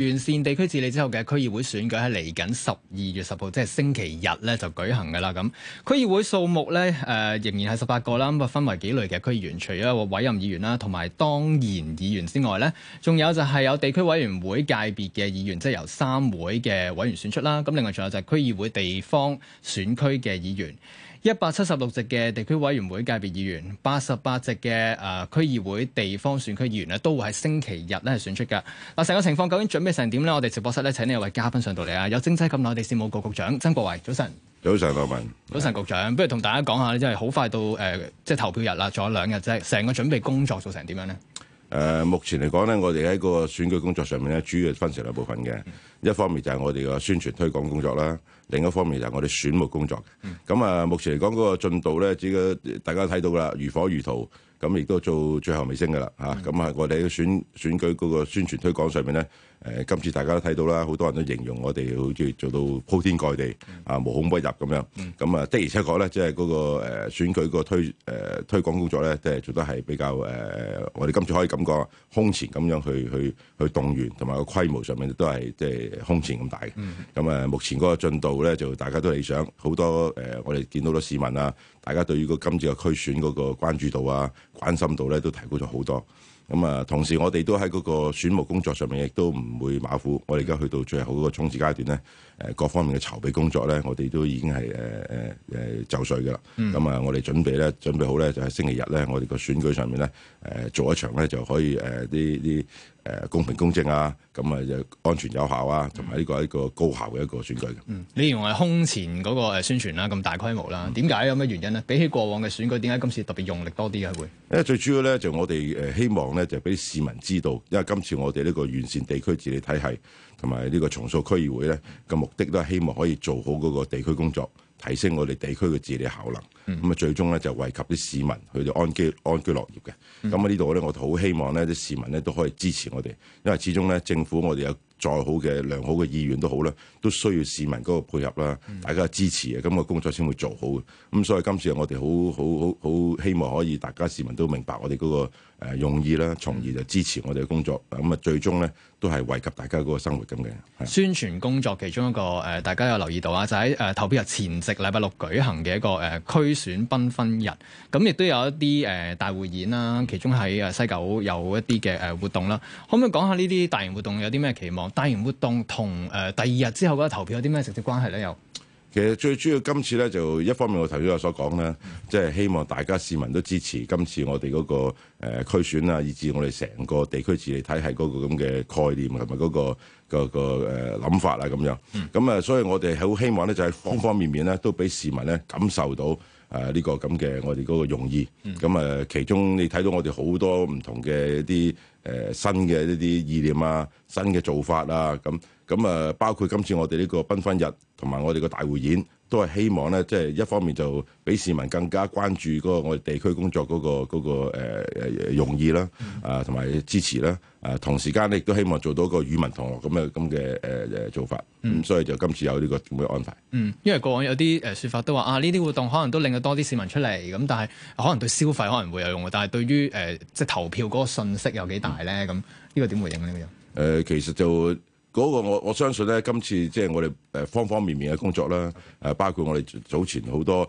完善地區治理之後嘅區議會選舉喺嚟緊十二月十號，即係星期日咧就舉行㗎喇。咁區議會數目咧，誒，呃，仍然係十八個啦。咁啊，分為幾類嘅區議員，除咗委任議員啦，同埋當然議員之外咧，仲有就係有地區委員會界別嘅議員，即係由三會嘅委員選出啦。咁另外仲有就係區議會地方選區嘅議員。一百七十六席嘅地區委員會界別議員，八十八席嘅誒、呃、區議會地方選區議員咧，都會喺星期日咧係選出嘅。嗱、啊，成個情況究竟準備成點呢？我哋直播室咧請呢一位嘉賓上到嚟啊！有請政制及，內地事務局局長曾國衞，早晨。早晨，各位。早晨，局長，不如同大家講下咧、就是呃，即係好快到誒，即係投票日啦，仲有兩日啫。成個準備工作做成點樣呢？誒、呃，目前嚟講呢，我哋喺個選舉工作上面呢，主要分成兩部分嘅。嗯一方面就係我哋嘅宣傳推廣工作啦，另一方面就係我哋選目工作咁啊，嗯嗯，目前嚟講嗰個進度咧，只大家睇到啦，如火如荼。咁亦都做最後尾聲嘅啦，嚇。咁啊，我哋喺選選舉嗰個宣傳推廣上面咧，誒、呃，今次大家都睇到啦，好多人都形容我哋好似做到鋪天蓋地、嗯、啊，無孔不入咁樣。咁、嗯、啊，嗯、的而且確咧，即係嗰個誒、呃、選舉個推誒、呃、推廣工作咧，即、就、係、是、做得係比較誒、呃，我哋今次可以感覺空前咁樣去去去動員，同埋個規模上面都係即係。就是空前咁大嘅，咁啊、嗯，目前嗰個進度咧，就大家都理想，好多誒、呃，我哋見到多市民啊，大家對於個今次嘅區選嗰個關注度啊、關心度咧，都提高咗好多。咁啊，同時我哋都喺嗰個選務工作上面，亦都唔會馬虎。嗯、我哋而家去到最後嗰個衝刺階段咧，誒、呃、各方面嘅籌備工作咧，我哋都已經係誒誒誒就緒㗎啦。咁啊、嗯，我哋準備咧，準備好咧，就喺、是、星期日咧，我哋個選舉上面咧，誒、呃、做一場咧，就可以誒呢啲。呃誒公平公正啊，咁啊就安全有效啊，同埋呢個係一個高效嘅一個選舉。嗯，你認為空前嗰個宣傳啦，咁大規模啦，點解有咩原因呢？比起過往嘅選舉，點解今次特別用力多啲嘅會？誒最主要咧就我哋誒希望咧就俾市民知道，因為今次我哋呢個完善地區治理體系同埋呢個重塑區議會咧嘅目的都係希望可以做好嗰個地區工作。提升我哋地區嘅治理效能，咁啊、嗯、最終咧就惠及啲市民，佢哋安居安居樂業嘅。咁啊、嗯、呢度咧，我哋好希望咧啲市民咧都可以支持我哋，因為始終咧政府我哋有再好嘅良好嘅意願都好啦，都需要市民嗰個配合啦，嗯、大家支持嘅，咁、呢個工作先會做好。咁所以今次我哋好好好好希望可以，大家市民都明白我哋嗰、嗰個。誒容易啦，從而就支持我哋嘅工作，咁啊最終咧都係惠及大家嗰個生活咁嘅。宣傳工作其中一個誒、呃，大家有留意到啊，就喺、是、誒、呃、投票日前夕，禮拜六舉行嘅一個誒區、呃、選繽紛日，咁亦都有一啲誒、呃、大會演啦、啊，其中喺誒西九有一啲嘅誒活動啦，可唔可以講下呢啲大型活動有啲咩期望？大型活動同誒、呃、第二日之後嗰個投票有啲咩直接關係咧？又？其實最主要今次咧，就一方面我頭先有所講咧，即係希望大家市民都支持今次我哋嗰、那個誒、呃、區選啊，以至我哋成個地區治理體系嗰個咁嘅概念同埋嗰個、那個個誒諗法啊咁樣。咁啊、嗯，所以我哋好希望咧，就係、是、方方面面咧，都俾市民咧感受到啊呢、呃這個咁嘅我哋嗰個用意。咁啊、嗯，其中你睇到我哋好多唔同嘅一啲誒、呃、新嘅一啲意念啊，新嘅做法啊咁。咁啊、嗯，包括今次我哋呢個繽紛日，同埋我哋個大匯演，都係希望咧，即、就、係、是、一方面就俾市民更加關注嗰我哋地區工作嗰、那個嗰、那個誒誒、呃、用意啦，啊同埋支持啦，啊、呃、同時間咧亦都希望做到一個與民同樂咁嘅咁嘅誒誒做法。咁、嗯、所以就今次有呢個咁嘅安排。嗯，因為過去有啲誒説法都話啊，呢啲活動可能都令到多啲市民出嚟咁，但係可能對消費可能會有用，但係對於誒、呃、即係投票嗰個訊息有幾大咧？咁呢、嗯、個點回應呢？咁樣誒，其實就。嗰個我我相信咧，今次即係我哋誒方方面面嘅工作啦，誒包括我哋早前好多誒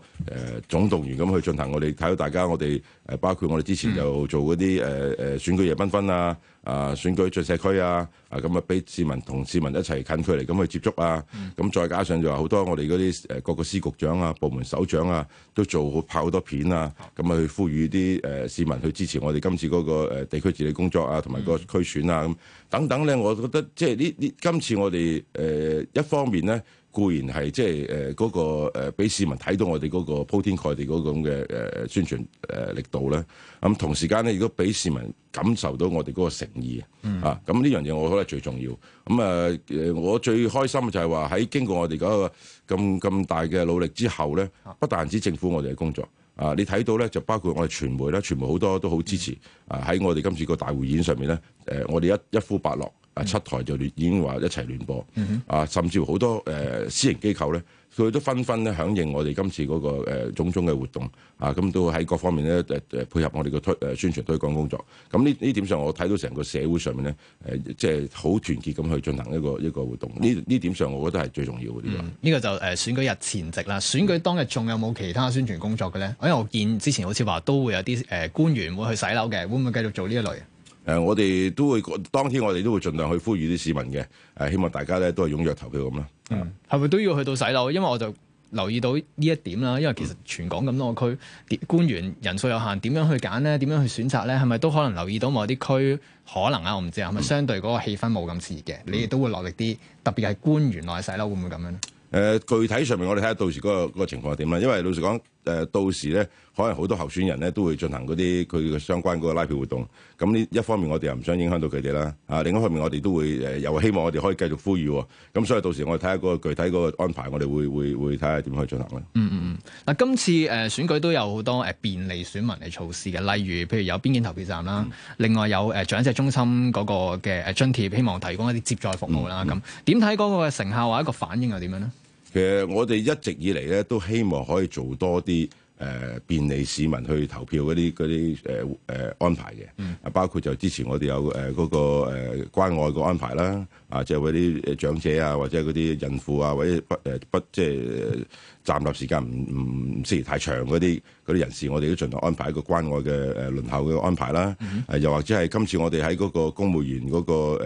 總動員咁去進行，我哋睇到大家，我哋誒包括我哋之前就做嗰啲誒誒選舉夜繽紛啊。啊！選舉進社區啊！啊咁啊，俾市民同市民一齊近距離咁去接觸啊！咁再加上就話好多我哋嗰啲誒各個司局長啊、部門首長啊，都做好拍好多片啊，咁啊、嗯、去呼籲啲誒、呃、市民去支持我哋今次嗰個地區治理工作啊，同埋個區選啊，咁、啊、等等咧，我覺得即係呢啲今次我哋誒、呃、一方面咧。固然係即係誒嗰個誒俾、呃、市民睇到我哋嗰個鋪天蓋地嗰種嘅誒宣傳誒力度咧，咁、呃、同時間咧亦都俾市民感受到我哋嗰個誠意、嗯、啊，咁呢樣嘢我覺得最重要。咁、嗯、誒、呃，我最開心就係話喺經過我哋嗰個咁咁大嘅努力之後咧，不但止政府我哋嘅工作啊，你睇到咧就包括我哋傳媒咧，傳媒好多都好支持啊，喺我哋今次個大會演上面咧，誒、呃、我哋一一,一呼百諾。啊！七台就已經話一齊聯播、嗯、哼啊！甚至乎好多誒、呃、私營機構咧，佢都紛紛咧響應我哋今次嗰、嗰個誒、呃、種種嘅活動啊！咁都喺各方面咧誒誒配合我哋嘅推誒、呃、宣傳推廣工作。咁呢呢點上，我睇到成個社會上面咧誒，即係好團結咁去進行一個一個活動。呢呢點上，我覺得係最重要嘅。呢個呢個就誒選舉日前夕啦，選舉當日仲有冇其他宣傳工作嘅咧？因為我見之前好似話都會有啲誒官員會去洗樓嘅，會唔會繼續做呢一類？誒、呃，我哋都會當天，我哋都會盡量去呼籲啲市民嘅誒、呃，希望大家咧都係踴躍投票咁啦，嗯，係咪都要去到洗樓？因為我就留意到呢一點啦。因為其實全港咁多區，嗯、官員人數有限，點樣去揀呢？點樣去選擇呢？係咪都可能留意到某啲區可能啊？我唔知係咪相對嗰個氣氛冇咁熱嘅，嗯、你亦都會落力啲。特別係官員嚟洗樓會唔會咁樣咧？誒、呃，具體上面我哋睇下到時嗰、那個那個情況係點啦。因為老實講。誒到時咧，可能好多候選人咧都會進行嗰啲佢嘅相關嗰個拉票活動。咁呢一方面，我哋又唔想影響到佢哋啦。啊，另一方面，我哋都會誒又希望我哋可以繼續呼籲。咁所以到時我哋睇下嗰個具體嗰個安排，我哋會會會睇下點去進行咧、嗯。嗯嗯嗯，嗱，今次誒選舉都有好多誒便利選民嚟措施嘅，例如譬如有邊境投票站啦，嗯、另外有誒長者中心嗰個嘅誒津貼，希望提供一啲接載服務啦。咁點睇嗰個成效或一個反應又點樣咧？其實我哋一直以嚟呢都希望可以做多啲。誒、呃、便利市民去投票嗰啲嗰啲誒誒安排嘅，啊包括就之前我哋有誒嗰、呃那個誒、呃、關愛嘅安排啦，啊即係嗰啲長者啊，或者嗰啲孕婦啊，或者不誒、呃、不即係站立時間唔唔唔適宜太長嗰啲嗰啲人士，我哋都盡量安排一個關愛嘅誒、呃、輪候嘅安排啦，啊又或者係今次我哋喺嗰個公務員嗰、那個誒誒、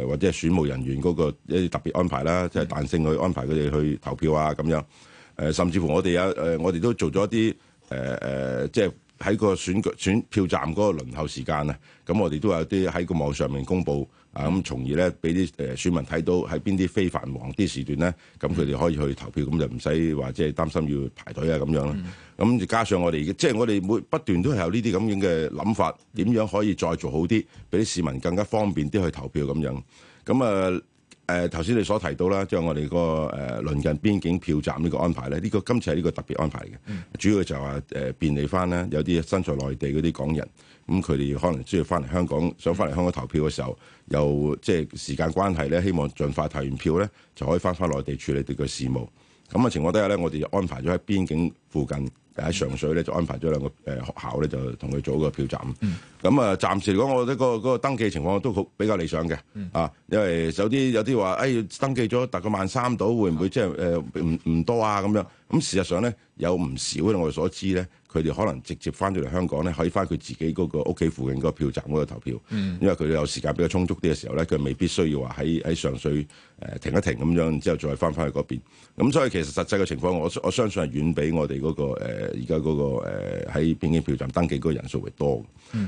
呃、或者係選務人員嗰個一啲特別安排啦，即係彈性去安排佢哋去投票啊咁樣。誒、呃，甚至乎我哋有誒、呃，我哋都做咗一啲誒誒，即係喺個選、選票站嗰個輪候時間啊，咁我哋都有啲喺個網上面公布啊，咁、呃、從而咧俾啲誒選民睇到喺邊啲非繁忙啲時段咧，咁佢哋可以去投票，咁就唔使話即係擔心要排隊啊咁樣啦。咁加上我哋，即係我哋每不斷都係有呢啲咁樣嘅諗法，點樣可以再做好啲，俾啲市民更加方便啲去投票咁樣。咁啊。呃誒頭先你所提到啦，即係我哋、那個誒、呃、鄰近邊境票站呢個安排咧，呢、這個今次係呢個特別安排嘅，嗯、主要就係、是、誒、呃、便利翻啦，有啲身在內地嗰啲港人，咁佢哋可能需要翻嚟香港，想翻嚟香港投票嘅時候，又即係時間關係咧，希望盡快投完票咧，就可以翻返內地處理佢嘅事務。咁、那、嘅、個、情況底下咧，我哋就安排咗喺邊境附近。喺上水咧就安排咗兩個誒學校咧，就同佢做個票站。咁啊、嗯，暫時嚟講，我覺得嗰、那個那個登記情況都好比較理想嘅、嗯、啊。因為有啲有啲話，誒、哎、登記咗大概萬三到，會唔會即係誒唔唔多啊咁樣？咁事實上咧，有唔少咧，我哋所知咧，佢哋可能直接翻到嚟香港咧，可以翻佢自己嗰個屋企附近嗰個票站嗰度投票，嗯、因為佢哋有時間比較充足啲嘅時候咧，佢未必需要話喺喺上水誒停一停咁樣，然之後再翻翻去嗰邊。咁所以其實實際嘅情況，我我相信係遠比我哋嗰、誒而家嗰個喺、呃、邊境票站登記嗰個人數會多。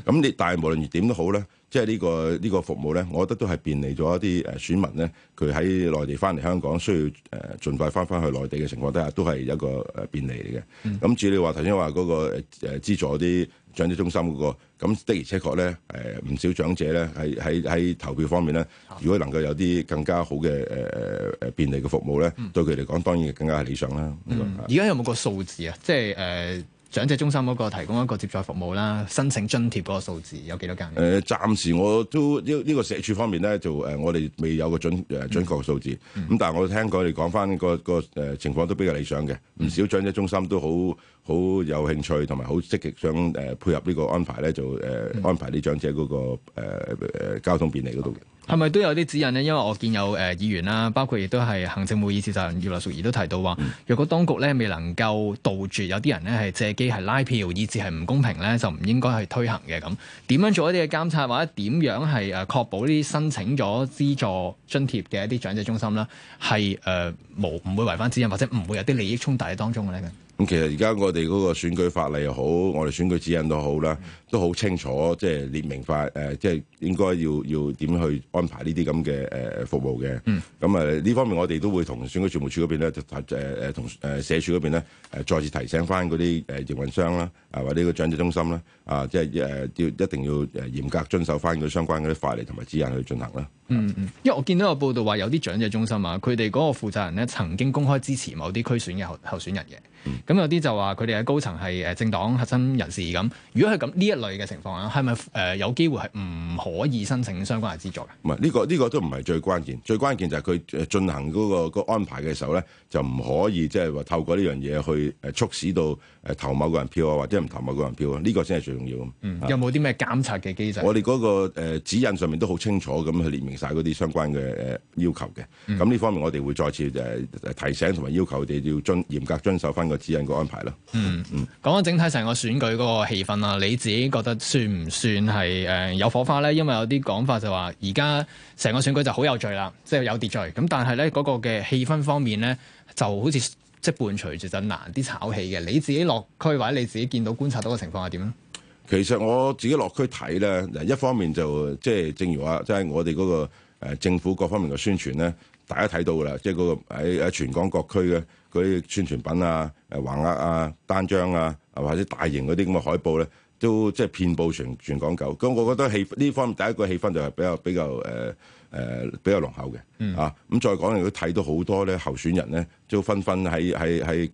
咁你、嗯、但係無論點都好咧。即係呢、呢個呢、呢個服務咧，我覺得都係便利咗一啲誒選民咧，佢喺內地翻嚟香港需要誒、呃、盡快翻翻去內地嘅情況底下，都係一個誒便利嚟嘅。咁、嗯、至於你話頭先話嗰個誒、呃、資助啲長者中心嗰個，咁的而且確咧誒唔少長者咧喺喺喺投票方面咧，如果能夠有啲更加好嘅誒誒誒便利嘅服務咧，嗯、對佢嚟講當然更加係理想啦。而家、嗯呢個、有冇個數字啊？即係誒。呃長者中心嗰個提供一個接載服務啦，申請津貼嗰個數字有幾多間？誒、呃，暫時我都呢呢、這個這個社署方面咧，就誒、呃、我哋未有個準誒、呃、準確嘅數字。咁、嗯、但係我聽佢哋講翻個個誒、呃、情況都比較理想嘅，唔少、嗯、長者中心都好好有興趣同埋好積極想誒、呃、配合呢個安排咧，就誒、呃嗯、安排啲長者嗰、那個誒、呃呃、交通便利嗰度嘅。Okay. 係咪都有啲指引呢？因為我見有誒、呃、議員啦，包括亦都係行政會議召集人葉劉淑儀都提到話，若果當局咧未能夠杜絕有啲人咧係借機係拉票，以至係唔公平咧，就唔應該去推行嘅咁。點樣做一啲嘅監察，或者點樣係誒、呃、確保啲申請咗資助津貼嘅一啲長者中心啦，係誒、呃、無唔會違反指引，或者唔會有啲利益衝突喺當中嘅咧？嗯、其實而家我哋嗰個選舉法例又好，我哋選舉指引都好啦，都好清楚，即、就、係、是、列明法誒，即、呃、係應該要要點去安排呢啲咁嘅誒服務嘅。咁啊，呢方面我哋都會同選舉處部處選舉事務處嗰邊咧誒誒同誒社署嗰邊咧誒，再次提醒返嗰啲誒營運商啦，啊或者個長者中心啦，啊即係誒要一定要誒嚴格遵守返佢相關嗰啲法例同埋指引去進行啦。嗯嗯，嗯，因為我見到有報道話有啲長者中心啊，佢哋嗰個負責人咧曾經公開支持某啲區選嘅候選人嘅。咁有啲就話佢哋嘅高層係誒政黨核心人士咁，如果係咁呢一類嘅情況咧，係咪誒有機會係唔？嗯唔可以申請相關嘅資助嘅。唔係呢個呢、這個都唔係最關鍵，最關鍵就係佢進行嗰、那個那個安排嘅時候咧，就唔可以即係話透過呢樣嘢去誒促使到誒投某個人票啊，或者唔投某個人票啊，呢、這個先係最重要、嗯。有冇啲咩監察嘅機制？啊、我哋嗰、那個、呃、指引上面都好清楚咁去列明晒嗰啲相關嘅誒要求嘅。咁呢、嗯、方面我哋會再次誒提醒同埋要求佢哋要遵嚴格遵守翻個指引個安排啦。嗯嗯，講緊、嗯、整體成個選舉嗰個氣氛啦，你自己覺得算唔算係誒、呃、有火花咧？因為有啲講法就話，而家成個選舉就好有序啦，即係有秩序。咁但係咧，嗰個嘅氣氛方面咧，就好似即係伴隨住真難啲炒氣嘅。你自己落區或者你自己見到觀察到嘅情況係點咧？其實我自己落區睇咧，嗱一方面就即係正如話，即係我哋嗰個誒政府各方面嘅宣傳咧，大家睇到噶啦，即係嗰個喺喺全港各區嘅嗰啲宣傳品啊、誒橫額啊、單張啊，或者大型嗰啲咁嘅海報咧。都即係遍佈全全港九。咁，我覺得氣呢方面第一個氣氛就係比較比較誒誒、呃、比較濃厚嘅嚇。咁、嗯啊、再講，亦都睇到好多咧候選人咧，都紛紛喺喺喺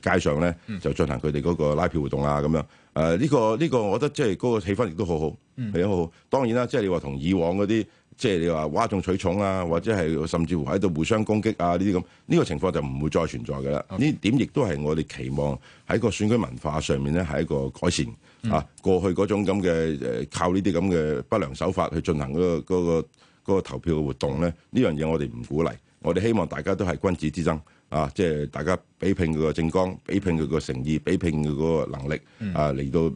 誒街上咧就進行佢哋嗰個拉票活動啊咁樣。誒呢個呢個，這個、我覺得即係嗰個氣氛亦都好好，係好、嗯、好。當然啦，即、就、係、是、你話同以往嗰啲。即係你話嘩眾取寵啊，或者係甚至乎喺度互相攻擊啊呢啲咁，呢、這個情況就唔會再存在嘅啦。呢 Okay. 點亦都係我哋期望喺個選舉文化上面咧係一個改善啊。過去嗰種咁嘅誒靠呢啲咁嘅不良手法去進行嗰、那個嗰、那個那個、投票嘅活動咧，呢樣嘢我哋唔鼓勵，我哋希望大家都係君子之爭。啊！即係大家比拼佢個政綱，比拼佢個誠意，比拼佢嗰個能力、嗯、啊，嚟到誒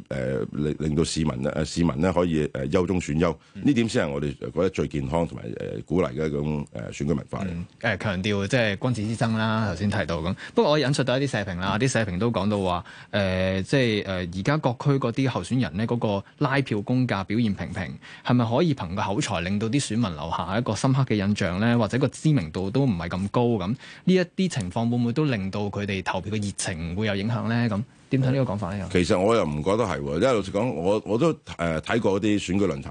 令、呃、令到市民咧、呃，市民咧可以誒優中選優，呢、嗯、點先係我哋覺得最健康同埋誒鼓勵嘅一種誒選舉文化。誒、嗯呃，強調即係君子之爭啦，頭先提到咁，不過我引述到一啲社評啦，啲、嗯、社評都講到話，誒、呃，即係誒而家各區嗰啲候選人呢，嗰、嗰個拉票公價表現平平，係咪可以憑個口才令到啲選民留下一個深刻嘅印象咧？或者個知名度都唔係咁高咁？呢一啲情況會唔會都令到佢哋投票嘅熱情會有影響咧？咁點睇呢個講法咧？其實我又唔覺得係，因為老實講我我都誒睇過啲選舉論壇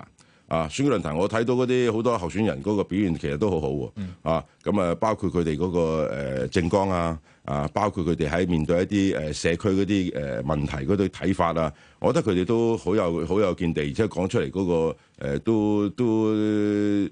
啊，選舉論壇我睇到嗰啲好多候選人嗰個表現其實都好好喎啊！咁啊，包括佢哋嗰個政綱啊，啊，包括佢哋喺面對一啲誒、呃、社區嗰啲誒問題嗰啲睇法啊，我覺得佢哋都好有好有見地，而且講出嚟嗰、嗰個都、呃、都。都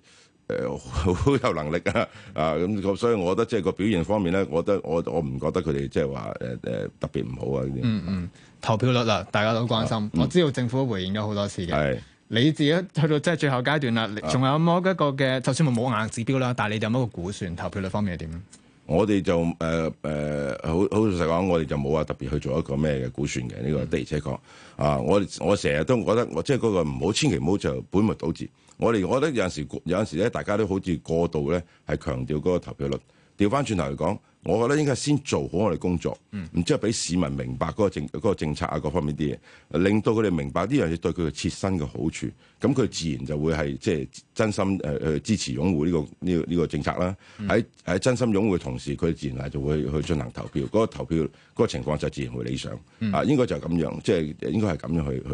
誒好有能力啊！啊咁，所以我覺得即係個表現方面咧，我覺得我我唔覺得佢哋即係話誒誒特別唔好啊！嗯嗯，投票率啊，大家都關心。啊嗯、我知道政府都回應咗好多次嘅。係是你自己去到即係最後階段啦，仲有冇一個嘅？就算冇硬指標啦，但係你哋有冇一個估算投票率方面係點？我哋就誒誒、呃呃，好好實講，我哋就冇話特別去做一個咩嘅估算嘅呢、呢個的而且確啊！我我成日都覺得，我即係嗰個唔好千祈唔好就本末倒置。我哋我覺得有陣時，有陣時咧，大家都好似過度咧，係強調嗰個投票率。調翻轉頭嚟講。我覺得應該先做好我哋工作，然之後俾市民明白嗰個政嗰、嗰個、政策啊，各、那個、方面啲嘢，令到佢哋明白呢樣嘢對佢嘅切身嘅好處，咁佢自然就會係即係真心誒去、呃、支持擁護呢、呢個呢呢、呢個呢個政策啦。喺喺真心擁護嘅同時，佢自然係就會去進行投票，嗰、嗰個投票嗰、嗰個情況就自然會理想。嗯、啊，應該就係咁樣，即係應該係咁樣去去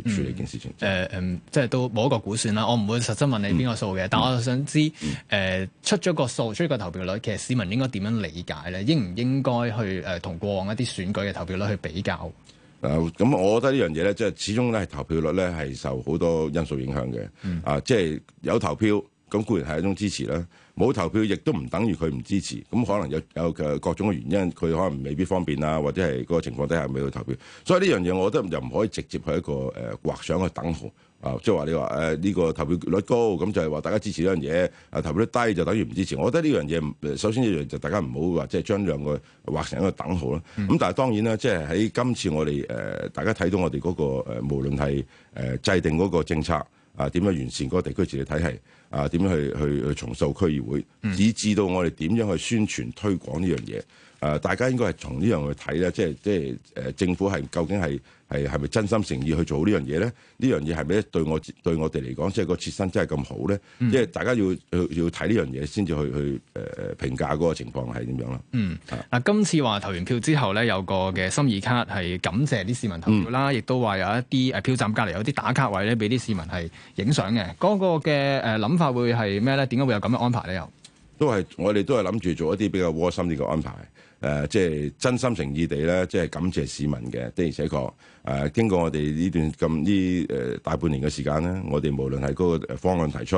去去去處理件事情。誒嗯，呃、即係都冇一個估算啦，我唔會實質問你邊個數嘅，嗯、但我我想知誒、嗯呃、出咗個數，出咗個投票率，其實市民應該點樣理解咧？應唔應該去誒，同、呃、過往一啲選舉嘅投票率去比較？啊、嗯，咁我覺得呢樣嘢咧，即係始終咧係投票率咧係受好多因素影響嘅。嗯、啊，即係有投票，咁固然係一種支持啦，冇投票，亦都唔等於佢唔支持。咁可能有有嘅各種嘅原因，佢可能未必方便啊，或者係嗰個情況底下未去投票。所以呢樣嘢，我覺得又唔可以直接去一個誒畫上去等號。啊，即係話你話誒呢個投票率高，咁就係、是、話大家支持呢樣嘢；啊投票率低就等於唔支持。我覺得呢樣嘢首先一樣就大家唔好話即係將兩個劃成一個等號啦。咁、嗯、但係當然啦，即係喺今次我哋誒、呃、大家睇到我哋嗰、那個誒，無論係、呃、制定嗰個政策啊，點、呃、樣完善嗰個地區治理體系啊，點、呃、樣去去去重塑區議會，以至、嗯、到我哋點樣去宣傳推廣呢樣嘢。誒，大家應該係從呢樣去睇咧，即係即係誒，政府係究竟係係係咪真心誠意去做呢樣嘢咧？呢樣嘢係咪咧對我對我哋嚟講，即係個切身真係咁好咧？嗯、即係大家要要要睇呢樣嘢先至去去誒、呃、評價嗰個情況係點樣咯。嗯，嗱、啊，今次話投完票之後咧，有個嘅心意卡係感謝啲市民投票啦，亦、嗯、都話有一啲誒票站隔離有啲打卡位咧，俾啲市民係影相嘅。嗰、嗰個嘅誒諗法會係咩咧？點解會有咁嘅安排咧？又都係我哋都係諗住做一啲比較窩心啲嘅安排。誒、呃，即係真心誠意地咧，即係感謝市民嘅。的而且確，誒、呃，經過我哋呢段咁呢誒大半年嘅時間咧，我哋無論係嗰個方案提出，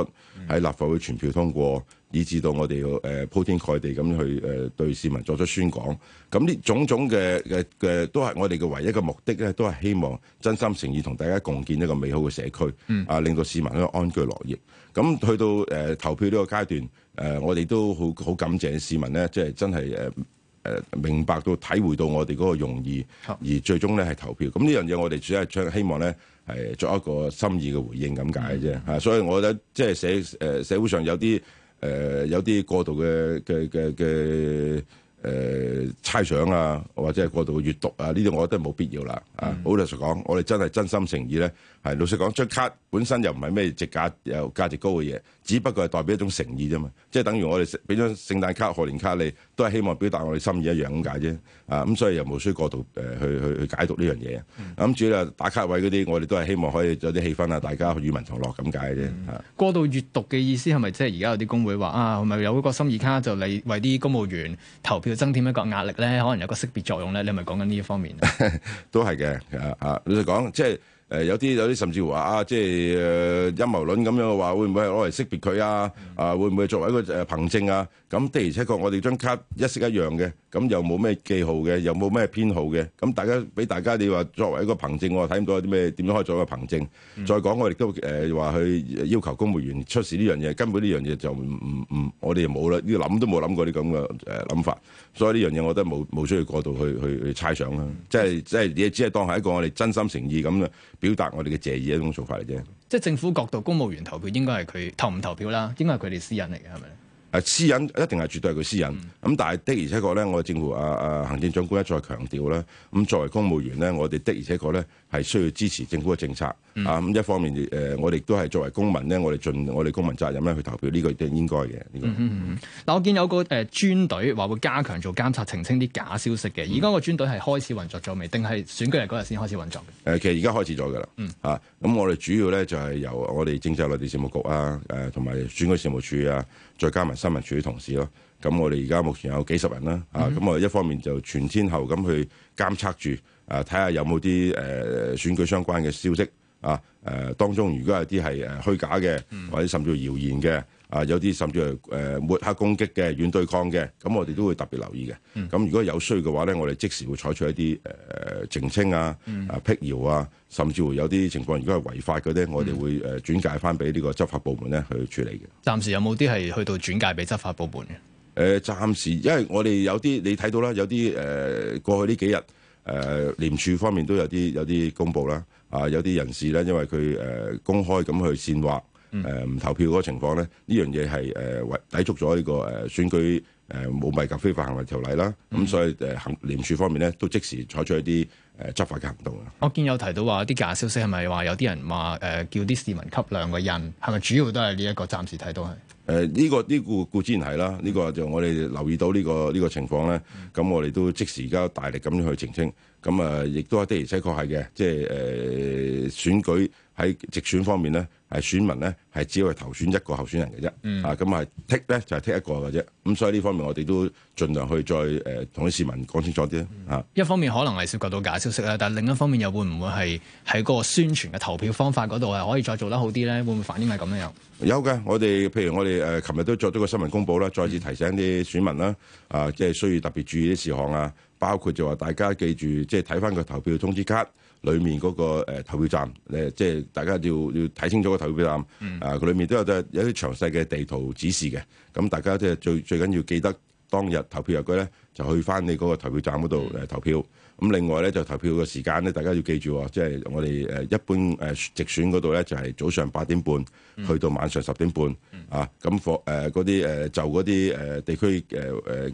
喺立法會全票通過，以至到我哋要鋪天蓋地咁去誒、呃、對市民作出宣講。咁呢種種嘅嘅嘅，都係我哋嘅唯一嘅目的咧，都係希望真心誠意同大家共建一個美好嘅社區，啊，令到市民咧安居樂業。咁、嗯、去、嗯、到誒、呃、投票呢個階段，誒、呃，我哋都好好感謝市民咧，即係真係誒。呃、真誒明白到體會到我哋嗰個用意，而最終咧係投票。咁呢樣嘢我哋主要係希望咧係作一個心意嘅回應咁解啫。嚇、嗯，所以我覺得即係社誒、呃、社會上有啲誒、呃、有啲過度嘅嘅嘅嘅誒猜想啊，或者係過度嘅閱讀啊，呢啲我覺得冇必要啦。嗯、啊，好老實講，我哋真係真心誠意咧。係，老實講，張卡本身又唔係咩值價又價值高嘅嘢，只不過係代表一種誠意啫嘛，即係等於我哋俾張聖誕卡、賀年卡你，都係希望表達我哋心意一樣咁解啫。啊，咁所以又無需過度誒、呃、去去去解讀呢樣嘢。咁主要啊打卡位嗰啲，我哋都係希望可以有啲氣氛啊，大家與民同樂咁解啫。啊，過度閱讀嘅意思係咪即係而家有啲工會話啊，係咪有一個心意卡就你為啲公務員投票增添一個壓力咧？可能有個識別作用咧？你係咪講緊呢一方面、嗯、都係嘅，啊，老實講，即、啊、係。啊啊啊誒有啲有啲甚至乎話啊，即係誒陰謀論咁樣嘅話，會唔會係攞嚟識別佢啊？啊，會唔會作為一個誒憑證啊？咁的而且確，我哋張卡一式一樣嘅，咁又冇咩記號嘅，又冇咩編號嘅，咁大家俾大家，你話作為一個憑證，我睇唔到啲咩點樣可以作為憑證。再講我哋都誒話去要求公務員出示呢樣嘢，根本呢樣嘢就唔唔唔，我哋冇啦，呢諗都冇諗過啲咁嘅誒諗法。所以呢樣嘢我都冇冇需要過度去去去猜想啦。即係即係，你只係當係一個我哋真心誠意咁嘅。表達我哋嘅謝意一種做法嚟啫，即係政府角度，公務員投票應該係佢投唔投票啦，應該係佢哋私隱嚟嘅，係咪？誒、啊，私隱一定係絕對係佢私隱，咁、嗯、但係的而且確咧，我哋政府啊啊行政長官一再強調咧，咁、啊、作為公務員咧，我哋的而且確咧。係需要支持政府嘅政策啊！咁、嗯、一方面，誒，我哋都係作為公民咧，我哋盡我哋公民責任咧去投票，呢、這個應應該嘅。呢、這個嗱，嗯嗯嗯我見有個誒專隊話會加強做監察澄清啲假消息嘅。而家個專隊係開始運作咗未？定係選舉日嗰日先開始運作？誒、嗯，嗯、其實而家開始咗㗎喇。啊、嗯，咁我哋主要咧就係由我哋政制及內地事務局啊，誒、呃，同埋選舉事務處啊，再加埋新聞處同事咯。咁我哋而家目前有幾十人啦。啊、嗯，咁、嗯、我哋一方面就全天候咁去監測住。啊！睇下有冇啲誒選舉相關嘅消息啊！誒、呃、當中如果有啲係誒虛假嘅，或者甚至係謠言嘅啊，有啲甚至係誒抹黑攻擊嘅、軟對抗嘅，咁我哋都會特別留意嘅。咁、嗯啊、如果有需要嘅話咧，我哋即時會採取一啲誒澄清啊、誒、呃、辟、呃、謠啊，甚至乎有啲情況如果係違法嘅咧，嗯、我哋會誒轉介翻俾呢個執法部門咧去處理嘅。暫時有冇啲係去到轉介俾執法部門嘅？誒、呃，暫時因為我哋有啲你睇到啦，有啲誒、呃、過去呢幾日。誒、呃、廉署方面都有啲有啲公布啦，啊有啲人士咧，因為佢誒、呃、公開咁去煽惑誒唔投票嗰情況咧，呢、嗯、樣嘢係誒抵觸咗呢個誒選舉誒舞弊及非法行為條例啦。咁、啊、所以誒、呃、廉署方面咧都即時採取一啲誒、呃、執法嘅行動。我見有提到話啲假消息係咪話有啲人話誒、呃、叫啲市民給兩個印，係咪主要都係呢一個？暫時睇到係。誒呢、呃這個呢、這個固然係啦，呢、這個就我哋留意到呢、這個呢、這個情況咧，咁我哋都即時而家大力咁樣去澄清，咁啊亦都係的而且確係嘅，即係誒、呃、選舉。喺直選方面咧，係選民咧係只會投選一個候選人嘅啫，嗯、啊咁啊剔咧就係剔一個嘅啫。咁、啊、所以呢方面我哋都盡量去再誒同啲市民講清楚啲、嗯、啊。一方面可能係涉及到假消息啦，但係另一方面又會唔會係喺個宣傳嘅投票方法嗰度係可以再做得好啲咧？會唔會反映係咁樣？又有嘅，我哋譬如我哋誒琴日都作咗個新聞公佈啦，再次提醒啲選民啦，啊、呃、即係需要特別注意啲事項啊，包括就話大家記住即係睇翻個投票通知卡。裡面嗰個投票站，即係大家要要睇清楚嗰個投票站，嗯、啊，裡面都有啲有啲詳細嘅地圖指示嘅，咁大家最最緊要記得當日投票入據咧。就去翻你嗰個投票站嗰度誒投票。咁、嗯、另外咧就投票嘅時間咧，大家要記住，即、就、係、是、我哋誒一般誒直選嗰度咧，就係早上八點半、嗯、去到晚上十點半、嗯、啊。咁誒嗰啲誒就嗰啲誒地區誒誒誒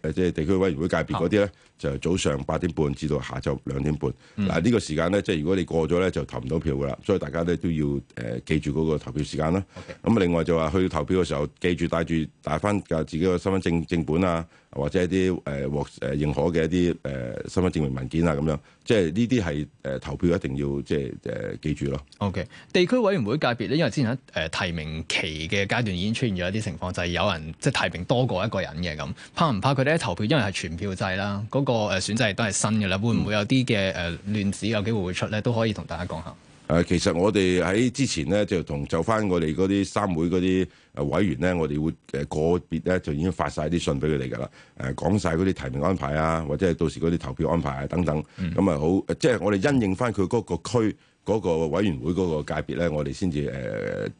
界即係地區委員會界別嗰啲咧，嗯、就早上八點半至到下晝兩點半。嗱呢、嗯啊呢個時間咧，即係如果你過咗咧，就投唔到票噶啦。所以大家咧都要誒、呃、記住嗰個投票時間啦。咁、嗯、另外就話去投票嘅時候，記住帶住帶翻自己嘅身份證正本啊。或者一啲誒獲誒認可嘅一啲誒、呃、身份證明文件啊，咁樣即係呢啲係誒投票一定要即係誒、呃、記住咯。O.K. 地區委員會界別咧，因為之前喺誒、呃、提名期嘅階段已經出現咗一啲情況，就係、是、有人即係提名多過一個人嘅，咁怕唔怕佢哋喺投票因為係全票制啦，嗰、那個誒選制都係新嘅啦，會唔會有啲嘅誒亂子有機會會出咧？都可以同大家講下。誒、呃，其實我哋喺之前咧，就同就翻我哋嗰啲三會嗰啲誒委員咧，我哋會誒、呃、個別咧，就已經發晒啲信俾佢哋㗎啦。誒、呃，講晒嗰啲提名安排啊，或者係到時嗰啲投票安排啊等等。咁啊好，即係我哋因應翻佢嗰個區。嗰個委員會嗰個界別咧，我哋先至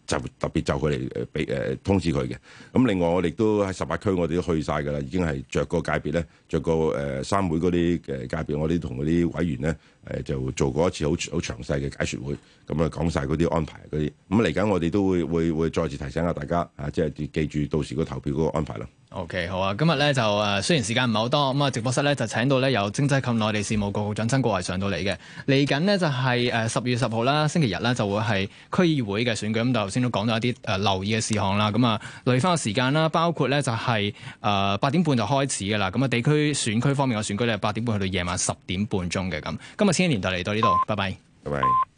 誒就特別就佢嚟誒俾誒通知佢嘅。咁另外我哋都喺十八區，我哋都去晒噶啦，已經係着個界別咧，着個誒三會嗰啲嘅界別，我哋同嗰啲委員咧誒、呃、就做過一次好好詳細嘅解説會，咁啊講晒嗰啲安排嗰啲。咁嚟緊我哋都會會會再次提醒下大家嚇，即、啊、係、就是、記住到時個投票嗰個安排啦。O.K. 好啊，今日咧就誒、呃、雖然時間唔係好多，咁啊直播室咧就請到咧有政制及內地事務局局長曾國衞上到嚟嘅。嚟緊呢，就係誒十月十號啦，星期日啦就會係區議會嘅選舉。咁就頭先都講咗一啲誒、呃、留意嘅事項啦。咁、嗯、啊，累翻個時間啦，包括咧就係誒八點半就開始嘅啦。咁啊，地區選區方面嘅選舉咧，八點半去到夜晚十點半鐘嘅咁。今日星期年代嚟到呢度，拜拜。拜，拜。